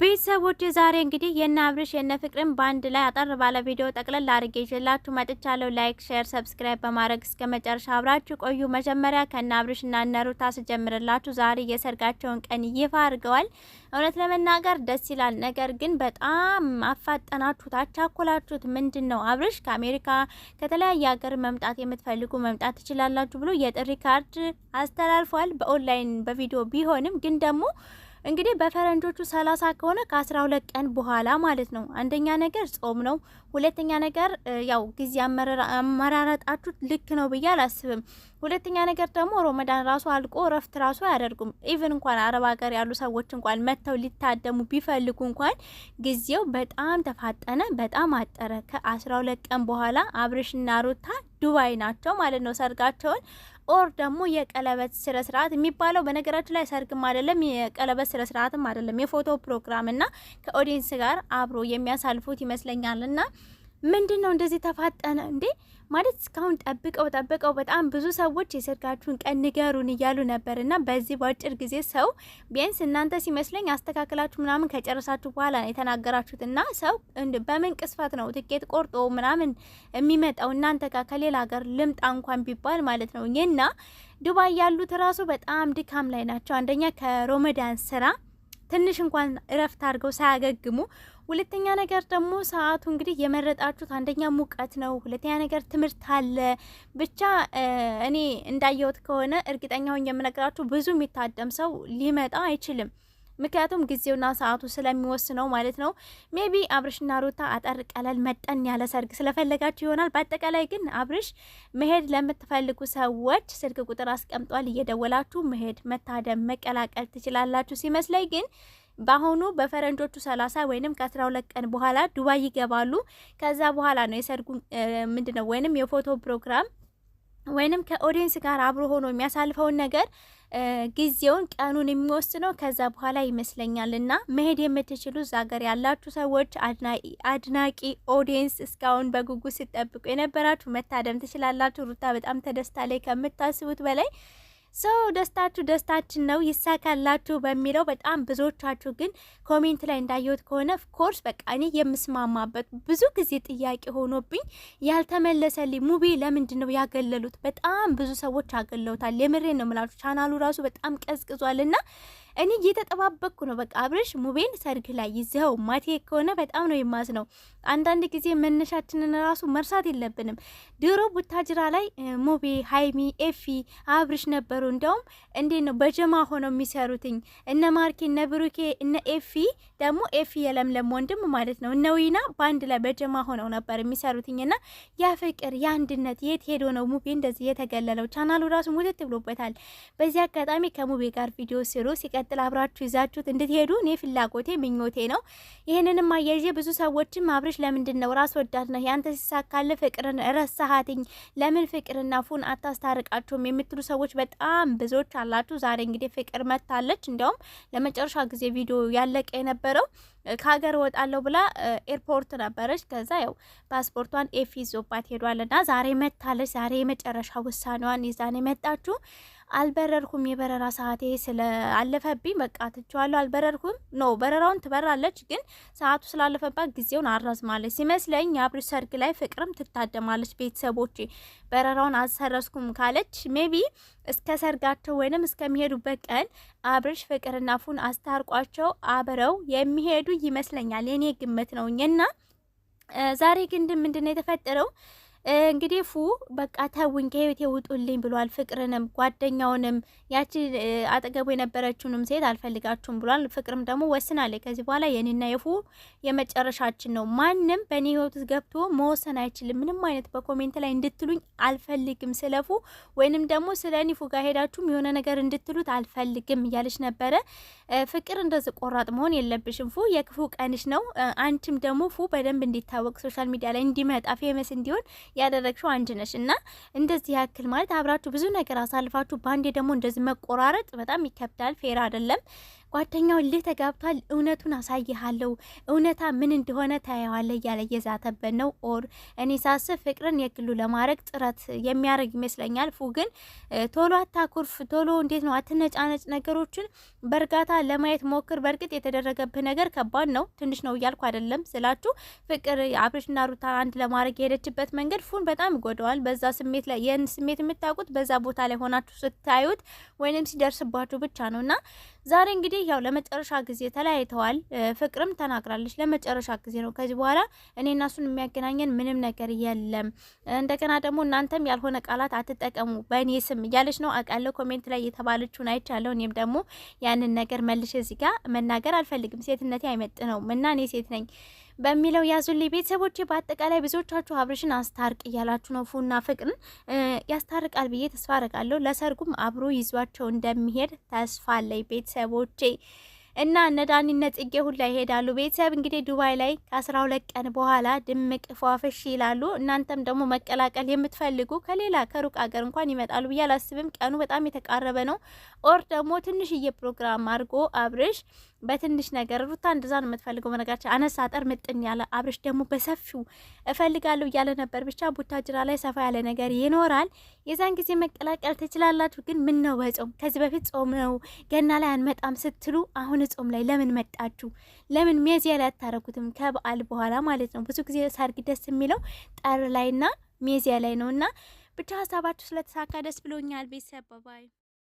ቤተሰቦች ዛሬ እንግዲህ የነ አብርሽ የነ ፍቅርን በአንድ ላይ አጠር ባለ ቪዲዮ ጠቅለል አድርጌ ይዤላችሁ መጥቻለሁ። ላይክ፣ ሼር፣ ሰብስክራይብ በማድረግ እስከ መጨረሻ አብራችሁ ቆዩ። መጀመሪያ ከነ እና እነ ሩታ ስጀምርላችሁ ዛሬ የሰርጋቸውን ቀን ይፋ አድርገዋል። እውነት ለመናገር ደስ ይላል። ነገር ግን በጣም አፋጠናችሁት፣ አቻኮላችሁት። ምንድን ነው አብርሽ ከአሜሪካ ከተለያየ ሀገር መምጣት የምትፈልጉ መምጣት ትችላላችሁ ብሎ የጥሪ ካርድ አስተላልፏል። በኦንላይን በቪዲዮ ቢሆንም ግን ደግሞ እንግዲህ በፈረንጆቹ ሰላሳ ከሆነ ከአስራ ሁለት ቀን በኋላ ማለት ነው። አንደኛ ነገር ጾም ነው። ሁለተኛ ነገር ያው ጊዜ አመራረጣችሁ ልክ ነው ብዬ አላስብም። ሁለተኛ ነገር ደግሞ ሮመዳን ራሱ አልቆ እረፍት ራሱ አያደርጉም። ኢቨን እንኳን አረብ ሀገር ያሉ ሰዎች እንኳን መጥተው ሊታደሙ ቢፈልጉ እንኳን ጊዜው በጣም ተፋጠነ፣ በጣም አጠረ። ከአስራ ሁለት ቀን በኋላ አብርሽና ሩታ ዱባይ ናቸው ማለት ነው ሰርጋቸውን ኦር ደግሞ የቀለበት ስነስርዓት የሚባለው በነገራችን ላይ ሰርግም አይደለም የቀለበት ስነስርዓትም አይደለም የፎቶ ፕሮግራም እና ከኦዲየንስ ጋር አብሮ የሚያሳልፉት ይመስለኛል እና ምንድን ነው እንደዚህ ተፋጠነ እንዴ? ማለት እስካሁን ጠብቀው ጠብቀው በጣም ብዙ ሰዎች የሰርጋችሁን ቀን ንገሩን እያሉ ነበር እና በዚህ በአጭር ጊዜ ሰው ቢያንስ እናንተ ሲመስለኝ አስተካክላችሁ ምናምን ከጨረሳችሁ በኋላ ነው የተናገራችሁት። እና ሰው በምን ቅስፋት ነው ትኬት ቆርጦ ምናምን የሚመጣው እናንተ ጋር ከሌላ ሀገር ልምጣ እንኳን ቢባል ማለት ነው። እና ዱባይ ያሉት ራሱ በጣም ድካም ላይ ናቸው። አንደኛ ከሮመዳን ስራ ትንሽ እንኳን እረፍት አድርገው ሳያገግሙ ሁለተኛ ነገር ደግሞ ሰዓቱ እንግዲህ የመረጣችሁት አንደኛ ሙቀት ነው፣ ሁለተኛ ነገር ትምህርት አለ። ብቻ እኔ እንዳየሁት ከሆነ እርግጠኛ ሆኜ የምነግራችሁ ብዙ የሚታደም ሰው ሊመጣ አይችልም። ምክንያቱም ጊዜውና ሰዓቱ ስለሚወስነው ማለት ነው። ሜቢ አብርሽና ሩታ አጠር ቀለል መጠን ያለ ሰርግ ስለፈለጋችሁ ይሆናል። በአጠቃላይ ግን አብርሽ መሄድ ለምትፈልጉ ሰዎች ስልክ ቁጥር አስቀምጧል። እየደወላችሁ መሄድ፣ መታደም፣ መቀላቀል ትችላላችሁ። ሲመስለኝ ግን በአሁኑ በፈረንጆቹ ሰላሳ ወይንም ከአስራ ሁለት ቀን በኋላ ዱባይ ይገባሉ። ከዛ በኋላ ነው የሰርጉ ምንድን ነው ወይንም የፎቶ ፕሮግራም ወይንም ከኦዲየንስ ጋር አብሮ ሆኖ የሚያሳልፈውን ነገር ጊዜውን ቀኑን የሚወስነው ከዛ በኋላ ይመስለኛል። እና መሄድ የምትችሉ እዛ ሀገር ያላችሁ ሰዎች አድናቂ ኦዲየንስ እስካሁን በጉጉት ሲጠብቁ የነበራችሁ መታደም ትችላላችሁ። ሩታ በጣም ተደስታ ላይ ከምታስቡት በላይ ሰው ደስታችሁ ደስታችን ነው ይሳካላችሁ በሚለው በጣም ብዙዎቻችሁ ግን ኮሜንት ላይ እንዳየሁት ከሆነ ኦፍኮርስ በቃ እኔ የምስማማበት ብዙ ጊዜ ጥያቄ ሆኖብኝ ያልተመለሰልኝ ሙቤ ለምንድን ነው ያገለሉት? በጣም ብዙ ሰዎች አገለውታል። የምሬ ነው የምላችሁ ቻናሉ ራሱ በጣም ቀዝቅዟልና እኔ እየተጠባበቅኩ ነው። በቃ አብረሽ ሙቤን ሰርግ ላይ ይዘኸው ማቴ ከሆነ በጣም ነው የማዝ ነው። አንዳንድ ጊዜ መነሻችንን ራሱ መርሳት የለብንም። ድሮ ቡታጅራ ላይ ሙቤ፣ ሀይሚ፣ ኤፊ፣ አብርሽ ነበሩ። እንዲያውም እንዴት ነው በጀማ ሆነው የሚሰሩትኝ እነ ማርኬ፣ እነ ብሩኬ፣ እነ ኤፊ ደግሞ ኤፊ የለምለም ወንድም ማለት ነው። እነ ዊና በአንድ ላይ በጀማ ሆነው ነበር የሚሰሩትኝ እና ያ ፍቅር የአንድነት የት ሄዶ ነው ሙቤ እንደዚህ የተገለለው? ቻናሉ ራሱ ሙትት ብሎበታል። በዚህ አጋጣሚ ከሙቤ ጋር ቪዲዮ ስሩ ሲቀ በሚቀጥል አብራችሁ ይዛችሁት እንድትሄዱ እኔ ፍላጎቴ ምኞቴ ነው። ይህንንም አያይዤ ብዙ ሰዎችም አብርሽ ለምንድን ነው ራስ ወዳድ ነህ ያንተ ሲሳካል ፍቅርን ረሳሃትኝ ለምን ፍቅርና ፉን አታስታርቃችሁም የምትሉ ሰዎች በጣም ብዙዎች አላችሁ። ዛሬ እንግዲህ ፍቅር መታለች። እንዲያውም ለመጨረሻ ጊዜ ቪዲዮ ያለቀ የነበረው ከሀገር እወጣለሁ ብላ ኤርፖርት ነበረች። ከዛ ያው ፓስፖርቷን ኤፍ ይዞባት ሄዷልና ዛሬ መታለች። ዛሬ የመጨረሻ ውሳኔዋን ይዛኔ መጣችሁ? አልበረርኩም፣ የበረራ ሰዓቴ ስላለፈብኝ በቃ ትችዋለሁ፣ አልበረርኩም ኖ በረራውን ትበራለች፣ ግን ሰዓቱ ስላለፈባት ጊዜውን አራዝማለች ሲመስለኝ። የአብሪ ሰርግ ላይ ፍቅርም ትታደማለች። ቤተሰቦች በረራውን አልሰረስኩም ካለች ሜቢ እስከ ሰርጋቸው ወይንም እስከሚሄዱበት ቀን አብርሽ ፍቅርና ፉን አስታርቋቸው አብረው የሚሄዱ ይመስለኛል። የኔ ግምት ነው እና ዛሬ ግን ምንድን የተፈጠረው? እንግዲህ ፉ በቃ ተውኝ ከህይወቴ ውጡልኝ ብሏል። ፍቅርንም ጓደኛውንም ያቺ አጠገቡ የነበረችውንም ሴት አልፈልጋችሁም ብሏል። ፍቅርም ደግሞ ወስናለች። ከዚህ በኋላ የኔና የፉ የመጨረሻችን ነው። ማንም በእኔ ህይወት ውስጥ ገብቶ መወሰን አይችልም። ምንም አይነት በኮሜንት ላይ እንድትሉኝ አልፈልግም። ስለፉ ወይንም ደግሞ ስለ እኔ ፉ ጋር ሄዳችሁም የሆነ ነገር እንድትሉት አልፈልግም እያለች ነበረ። ፍቅር እንደዚህ ቆራጥ መሆን የለብሽም። ፉ የክፉ ቀንሽ ነው። አንቺም ደግሞ ፉ በደንብ እንዲታወቅ ሶሻል ሚዲያ ላይ እንዲመጣ ፌመስ እንዲሆን ያደረግሽው አንድ ነሽ እና እንደዚህ ያክል ማለት አብራችሁ ብዙ ነገር አሳልፋችሁ በአንዴ ደግሞ እንደዚህ መቆራረጥ በጣም ይከብዳል። ፌር አይደለም። ጓደኛው ልህ ተጋብቷል፣ እውነቱን አሳይሃለሁ፣ እውነታ ምን እንደሆነ ታየዋለ እያለ እየዛተበት ነው። ኦር እኔ ሳስብ ፍቅርን የግሉ ለማድረግ ጥረት የሚያደርግ ይመስለኛል። ፉ ግን ቶሎ አታኩርፍ፣ ቶሎ እንዴት ነው አትነጫነጭ፣ ነገሮችን በእርጋታ ለማየት ሞክር። በእርግጥ የተደረገብህ ነገር ከባድ ነው፣ ትንሽ ነው እያልኩ አይደለም ስላችሁ ፍቅር አብርሽና ሩታ አንድ ለማድረግ የሄደችበት መንገድ ፉን በጣም ይጎደዋል። በዛ ስሜት ላይ ይህን ስሜት የምታውቁት በዛ ቦታ ላይ ሆናችሁ ስታዩት ወይንም ሲደርስባችሁ ብቻ ነው እና ዛሬ እንግዲህ ያው ለመጨረሻ ጊዜ ተለያይተዋል። ፍቅርም ተናግራለች፣ ለመጨረሻ ጊዜ ነው። ከዚህ በኋላ እኔ እናሱን የሚያገናኘን ምንም ነገር የለም። እንደገና ደግሞ እናንተም ያልሆነ ቃላት አትጠቀሙ በእኔ ስም እያለች ነው አውቃለሁ። ኮሜንት ላይ የተባለችውን አይቻለሁ። እኔም ደግሞ ያንን ነገር መልሼ እዚህ ጋር መናገር አልፈልግም። ሴትነቴ አይመጥ ነው እና እኔ ሴት ነኝ በሚለው ያዙልኝ። ቤተሰቦች በአጠቃላይ ብዙዎቻችሁ አብርሽን አስታርቅ እያላችሁ ነው። ፉና ፍቅርን ያስታርቃል ብዬ ተስፋ አረጋለሁ። ለሰርጉም አብሮ ይዟቸው እንደሚሄድ ተስፋ አለኝ ቤተሰቦቼ እና እነ ዳኒነት ጽጌ ሁላ ይሄዳሉ። ቤተሰብ እንግዲህ ዱባይ ላይ ከአስራ ሁለት ቀን በኋላ ድምቅ ፏፍሽ ይላሉ። እናንተም ደግሞ መቀላቀል የምትፈልጉ ከሌላ ከሩቅ ሀገር እንኳን ይመጣሉ ብዬ አላስብም። ቀኑ በጣም የተቃረበ ነው። ኦር ደግሞ ትንሽዬ ፕሮግራም አድርጎ አብርሽ በትንሽ ነገር ሩታ እንደዛ ነው የምትፈልገው። በነገራችን አነስ አጠር ምጥን ያለ አብርሽ ደግሞ በሰፊው እፈልጋለሁ እያለ ነበር። ብቻ ቡታጅራ ላይ ሰፋ ያለ ነገር ይኖራል። የዛን ጊዜ መቀላቀል ትችላላችሁ። ግን ምን ነው በጾም ከዚህ በፊት ጾም ነው ገና ላይ አንመጣም ስትሉ አሁን ጾም ላይ ለምን መጣችሁ? ለምን ሚያዝያ ላይ አታረጉትም? ከበዓል በኋላ ማለት ነው። ብዙ ጊዜ ሰርግ ደስ የሚለው ጠር ላይና ሚያዝያ ላይ ነው እና ብቻ ሀሳባችሁ ስለተሳካ ደስ ብሎኛል። ቤተሰብ ባይ